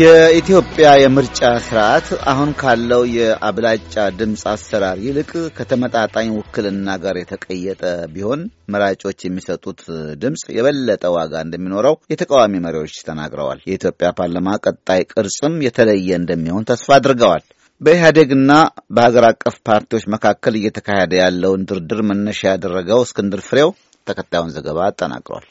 የኢትዮጵያ የምርጫ ስርዓት አሁን ካለው የአብላጫ ድምፅ አሰራር ይልቅ ከተመጣጣኝ ውክልና ጋር የተቀየጠ ቢሆን መራጮች የሚሰጡት ድምፅ የበለጠ ዋጋ እንደሚኖረው የተቃዋሚ መሪዎች ተናግረዋል። የኢትዮጵያ ፓርላማ ቀጣይ ቅርጽም የተለየ እንደሚሆን ተስፋ አድርገዋል። በኢህአዴግና በሀገር አቀፍ ፓርቲዎች መካከል እየተካሄደ ያለውን ድርድር መነሻ ያደረገው እስክንድር ፍሬው ተከታዩን ዘገባ አጠናቅሯል።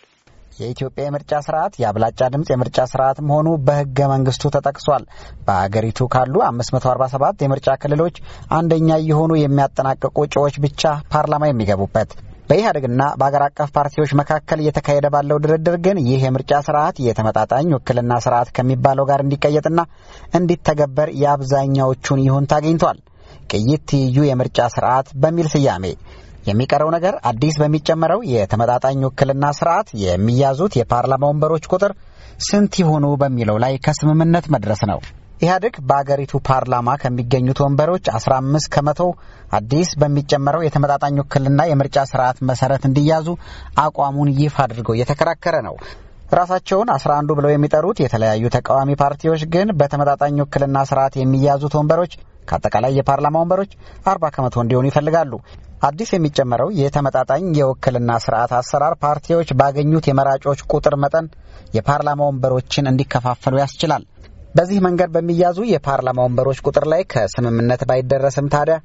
የኢትዮጵያ የምርጫ ስርዓት የአብላጫ ድምፅ የምርጫ ስርዓት መሆኑ በህገ መንግስቱ ተጠቅሷል። በአገሪቱ ካሉ 547 የምርጫ ክልሎች አንደኛ የሆኑ የሚያጠናቀቁ እጩዎች ብቻ ፓርላማ የሚገቡበት በኢህአዴግና በአገር አቀፍ ፓርቲዎች መካከል እየተካሄደ ባለው ድርድር ግን ይህ የምርጫ ስርዓት የተመጣጣኝ ውክልና ስርዓት ከሚባለው ጋር እንዲቀየጥና እንዲተገበር የአብዛኛዎቹን ይሁንታ አግኝቷል። ቅይት ትይዩ የምርጫ ስርዓት በሚል ስያሜ የሚቀረው ነገር አዲስ በሚጨመረው የተመጣጣኝ ውክልና ስርዓት የሚያዙት የፓርላማ ወንበሮች ቁጥር ስንት ይሆኑ በሚለው ላይ ከስምምነት መድረስ ነው። ኢህአዴግ በአገሪቱ ፓርላማ ከሚገኙት ወንበሮች 15 ከመቶ አዲስ በሚጨመረው የተመጣጣኝ ውክልና የምርጫ ስርዓት መሰረት እንዲያዙ አቋሙን ይፋ አድርጎ እየተከራከረ ነው። ራሳቸውን አስራ አንዱ ብለው የሚጠሩት የተለያዩ ተቃዋሚ ፓርቲዎች ግን በተመጣጣኝ ውክልና ስርዓት የሚያዙት ወንበሮች ከአጠቃላይ የፓርላማ ወንበሮች አርባ ከመቶ እንዲሆኑ ይፈልጋሉ። አዲስ የሚጨመረው የተመጣጣኝ የውክልና ስርዓት አሰራር ፓርቲዎች ባገኙት የመራጮች ቁጥር መጠን የፓርላማ ወንበሮችን እንዲከፋፈሉ ያስችላል። በዚህ መንገድ በሚያዙ የፓርላማ ወንበሮች ቁጥር ላይ ከስምምነት ባይደረስም ታዲያ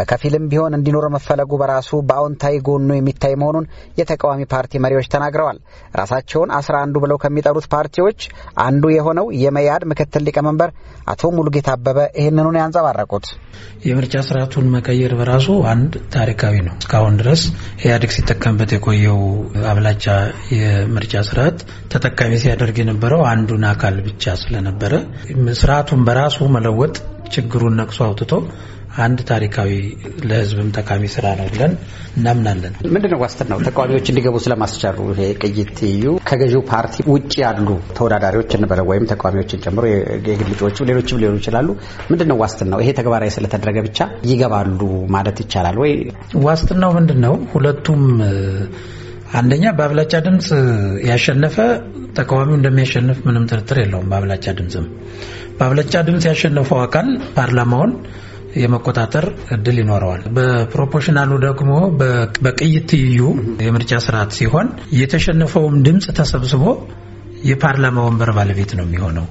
በከፊልም ቢሆን እንዲኖር መፈለጉ በራሱ በአዎንታዊ ጎኑ የሚታይ መሆኑን የተቃዋሚ ፓርቲ መሪዎች ተናግረዋል። ራሳቸውን አስራ አንዱ ብለው ከሚጠሩት ፓርቲዎች አንዱ የሆነው የመያድ ምክትል ሊቀመንበር አቶ ሙሉጌታ አበበ ይህንኑን ያንጸባረቁት የምርጫ ስርዓቱን መቀየር በራሱ አንድ ታሪካዊ ነው። እስካሁን ድረስ ኢህአዴግ ሲጠቀምበት የቆየው አብላጫ የምርጫ ስርዓት ተጠቃሚ ሲያደርግ የነበረው አንዱን አካል ብቻ ስለነበረ ስርዓቱን በራሱ መለወጥ ችግሩን ነቅሶ አውጥቶ አንድ ታሪካዊ ለህዝብም ጠቃሚ ስራ ነው ብለን እናምናለን። ምንድነው ዋስትናው? ተቃዋሚዎች እንዲገቡ ስለማስቻሉ ይሄ ቅይት ትይዩ ከገዢው ፓርቲ ውጭ ያሉ ተወዳዳሪዎች እንበለ ወይም ተቃዋሚዎችን ጨምሮ የግል እጩዎች ሌሎችም ሊሆኑ ይችላሉ። ምንድነው ዋስትናው? ይሄ ተግባራዊ ስለተደረገ ብቻ ይገባሉ ማለት ይቻላል ወይ? ዋስትናው ምንድን ነው? ሁለቱም አንደኛ በአብላጫ ድምፅ ያሸነፈ ተቃዋሚው እንደሚያሸንፍ ምንም ጥርጥር የለውም። በአብላጫ ድምፅም በአብላጫ ድምፅ ያሸነፈው አካል ፓርላማውን የመቆጣጠር እድል ይኖረዋል። በፕሮፖርሽናሉ ደግሞ በቅይት ትይዩ የምርጫ ስርዓት ሲሆን የተሸነፈውም ድምፅ ተሰብስቦ የፓርላማ ወንበር ባለቤት ነው የሚሆነው።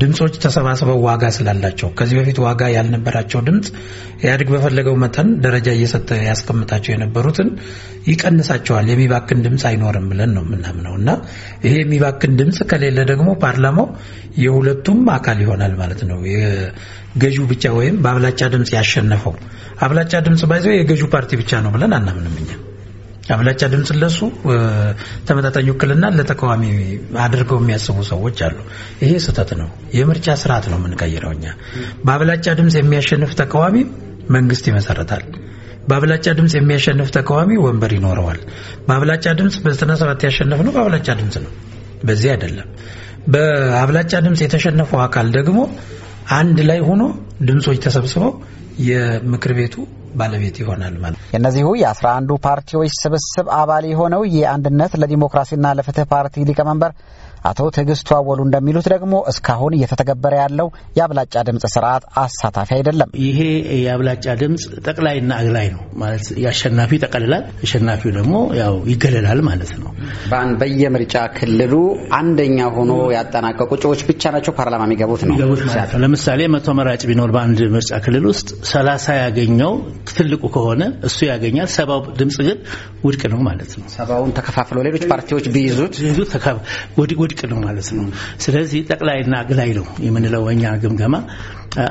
ድምፆች ተሰባስበው ዋጋ ስላላቸው ከዚህ በፊት ዋጋ ያልነበራቸው ድምፅ ኢህአዴግ በፈለገው መጠን ደረጃ እየሰጠ ያስቀምጣቸው የነበሩትን ይቀንሳቸዋል። የሚባክን ድምፅ አይኖርም ብለን ነው የምናምነው እና ይሄ የሚባክን ድምፅ ከሌለ ደግሞ ፓርላማው የሁለቱም አካል ይሆናል ማለት ነው። የገዢው ብቻ ወይም በአብላጫ ድምፅ ያሸነፈው አብላጫ ድምፅ ባይዘው የገዢው ፓርቲ ብቻ ነው ብለን አናምንም እኛ። አብላጫ ድምፅ ለሱ ተመጣጣኝ ውክልና ለተቃዋሚ አድርገው የሚያስቡ ሰዎች አሉ። ይሄ ስህተት ነው። የምርጫ ስርዓት ነው የምንቀይረው እኛ። በአብላጫ ድምፅ የሚያሸንፍ ተቃዋሚ መንግስት ይመሰረታል። በአብላጫ ድምፅ የሚያሸንፍ ተቃዋሚ ወንበር ይኖረዋል። በአብላጫ ድምፅ በዘጠና ሰባት ያሸነፍ ነው በአብላጫ ድምፅ ነው፣ በዚህ አይደለም። በአብላጫ ድምፅ የተሸነፈው አካል ደግሞ አንድ ላይ ሆኖ ድምፆች ተሰብስበው የምክር ቤቱ ባለቤት ይሆናል ማለት ነው። የእነዚሁ የአስራ አንዱ ፓርቲዎች ስብስብ አባል የሆነው የአንድነት ለዲሞክራሲና ለፍትህ ፓርቲ ሊቀመንበር አቶ ትዕግስቱ አወሉ እንደሚሉት ደግሞ እስካሁን እየተተገበረ ያለው የአብላጫ ድምፅ ስርዓት አሳታፊ አይደለም። ይሄ የአብላጫ ድምፅ ጠቅላይና አግላይ ነው ማለት የአሸናፊ ጠቀልላል፣ አሸናፊው ደግሞ ያው ይገለላል ማለት ነው። በየምርጫ ክልሉ አንደኛ ሆኖ ያጠናቀቁ እጩዎች ብቻ ናቸው ፓርላማ የሚገቡት ነው። ለምሳሌ መቶ መራጭ ቢኖር በአንድ ምርጫ ክልል ውስጥ ሰላሳ ያገኘው ትልቁ ከሆነ እሱ ያገኛል። ሰባው ድምጽ ግን ውድቅ ነው ማለት ነው። ሰባውን ተከፋፍለው ሌሎች ፓርቲዎች ቢይዙት ውድቅ ነው ማለት ነው። ስለዚህ ጠቅላይና አግላይ ነው የምንለው እኛ ግምገማ።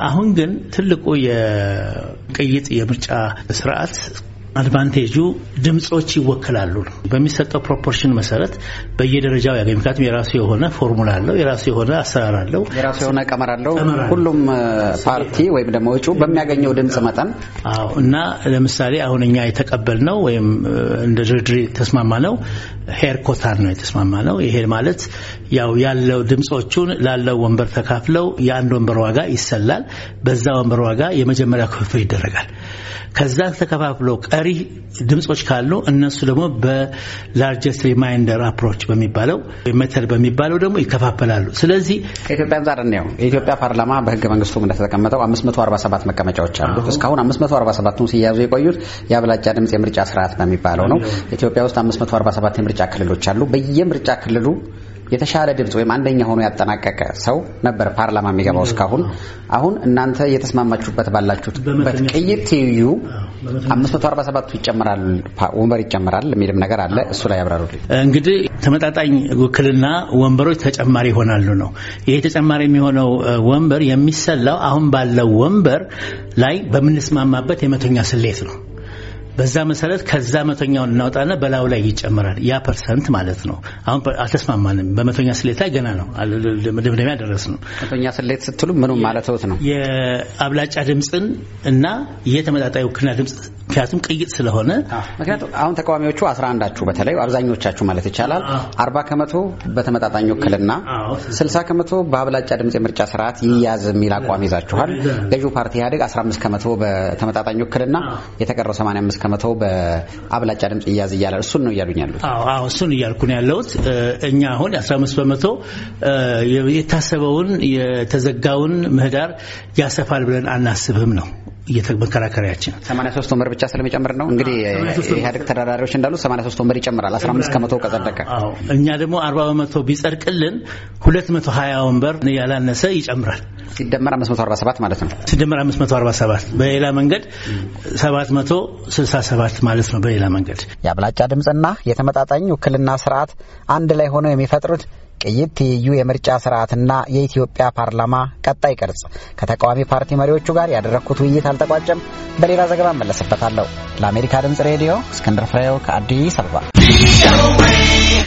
አሁን ግን ትልቁ የቅይጥ የምርጫ ስርዓት አድቫንቴጁ ድምፆች ይወክላሉ። በሚሰጠው ፕሮፖርሽን መሰረት በየደረጃው ያገኝ። ምክንያቱም የራሱ የሆነ ፎርሙላ አለው፣ የራሱ የሆነ አሰራር አለው፣ የራሱ የሆነ ቀመር አለው። ሁሉም ፓርቲ ወይም ደግሞ እጩ በሚያገኘው ድምፅ መጠን አዎ። እና ለምሳሌ አሁን እኛ የተቀበል ነው ወይም እንደ ድርድር ተስማማ ነው ሄር ኮታን ነው የተስማማ ነው። ይሄ ማለት ያው ያለው ድምፆቹን ላለው ወንበር ተካፍለው የአንድ ወንበር ዋጋ ይሰላል። በዛ ወንበር ዋጋ የመጀመሪያ ክፍፍል ይደረጋል። ከዛ ተከፋፍሎ ቀሪ ድምጾች ካሉ እነሱ ደግሞ በላርጀስት ሪማይንደር አፕሮች በሚባለው ሜተድ በሚባለው ደግሞ ይከፋፈላሉ። ስለዚህ ከኢትዮጵያ አንጻር እንየው። የኢትዮጵያ ፓርላማ በህገ መንግስቱም እንደተቀመጠው 547 መቀመጫዎች አሉ። እስካሁን 547ቱ ሲያዙ የቆዩት የአብላጫ ድምጽ የምርጫ ስርዓት በሚባለው ነው። ኢትዮጵያ ውስጥ 547 የምርጫ ክልሎች አሉ። በየምርጫ ክልሉ የተሻለ ድምፅ ወይም አንደኛ ሆኖ ያጠናቀቀ ሰው ነበር ፓርላማ የሚገባው እስካሁን። አሁን እናንተ እየተስማማችሁበት ባላችሁበት ቅይጥ ትይዩ 547ቱ ይጨምራል ወንበር ይጨምራል የሚልም ነገር አለ። እሱ ላይ ያብራሩልኝ። እንግዲህ ተመጣጣኝ ውክልና ወንበሮች ተጨማሪ ይሆናሉ ነው። ይሄ ተጨማሪ የሚሆነው ወንበር የሚሰላው አሁን ባለው ወንበር ላይ በምንስማማበት የመቶኛ ስሌት ነው። በዛ መሰረት ከዛ መቶኛውን እናወጣና በላዩ ላይ ይጨምራል። ያ ፐርሰንት ማለት ነው። አሁን አልተስማማንም። በመቶኛ ስሌት ላይ ገና ነው፣ መደምደሚያ ደረስ ነው። መቶኛ ስሌት ስትሉ ምኑ ማለት ነው? የአብላጫ ድምፅን እና የተመጣጣይ ውክልና ድምፅ ምክንያቱም ቅይጥ ስለሆነ ምክንያቱም አሁን ተቃዋሚዎቹ አስራ አንዳችሁ በተለይ አብዛኞቻችሁ ማለት ይቻላል አርባ ከመቶ በተመጣጣኝ ውክልና ስልሳ ከመቶ በአብላጫ ድምፅ የምርጫ ስርዓት ይያዝ የሚል አቋም ይዛችኋል። ገዢው ፓርቲ ኢህአዴግ አስራ አምስት ከመቶ በተመጣጣኝ ውክልና የተቀረው ሰማንያ አምስት ከመቶ በአብላጫ ድምጽ ይያዝ እያለ እሱን ነው እያሉኝ ያሉት። አዎ እሱን እያልኩ ነው ያለሁት። እኛ አሁን አስራ አምስት በመቶ የታሰበውን የተዘጋውን ምህዳር ያሰፋል ብለን አናስብም ነው መከራከሪያችን 83 ወንበር ብቻ ስለሚጨምር ነው። እንግዲህ ኢህአዴግ ተደራዳሪዎች እንዳሉ 83 ወንበር ይጨምራል 15 ከመቶ ከጸደቀ። እኛ ደግሞ 40 በመቶ ቢጸድቅልን 220 ወንበር ያላነሰ ይጨምራል። ሲደመር 547 ማለት ነው። ሲደመር 547 በሌላ መንገድ 767 ማለት ነው። በሌላ መንገድ የአብላጫ ድምፅና የተመጣጣኝ ውክልና ስርዓት አንድ ላይ ሆነው የሚፈጥሩት ቅይት ትይዩ የምርጫ ስርዓትና የኢትዮጵያ ፓርላማ ቀጣይ ቅርጽ ከተቃዋሚ ፓርቲ መሪዎቹ ጋር ያደረግኩት ውይይት አልተቋጨም። በሌላ ዘገባ እመለስበታለሁ። ለአሜሪካ ድምፅ ሬዲዮ እስክንድር ፍሬው ከአዲስ አበባ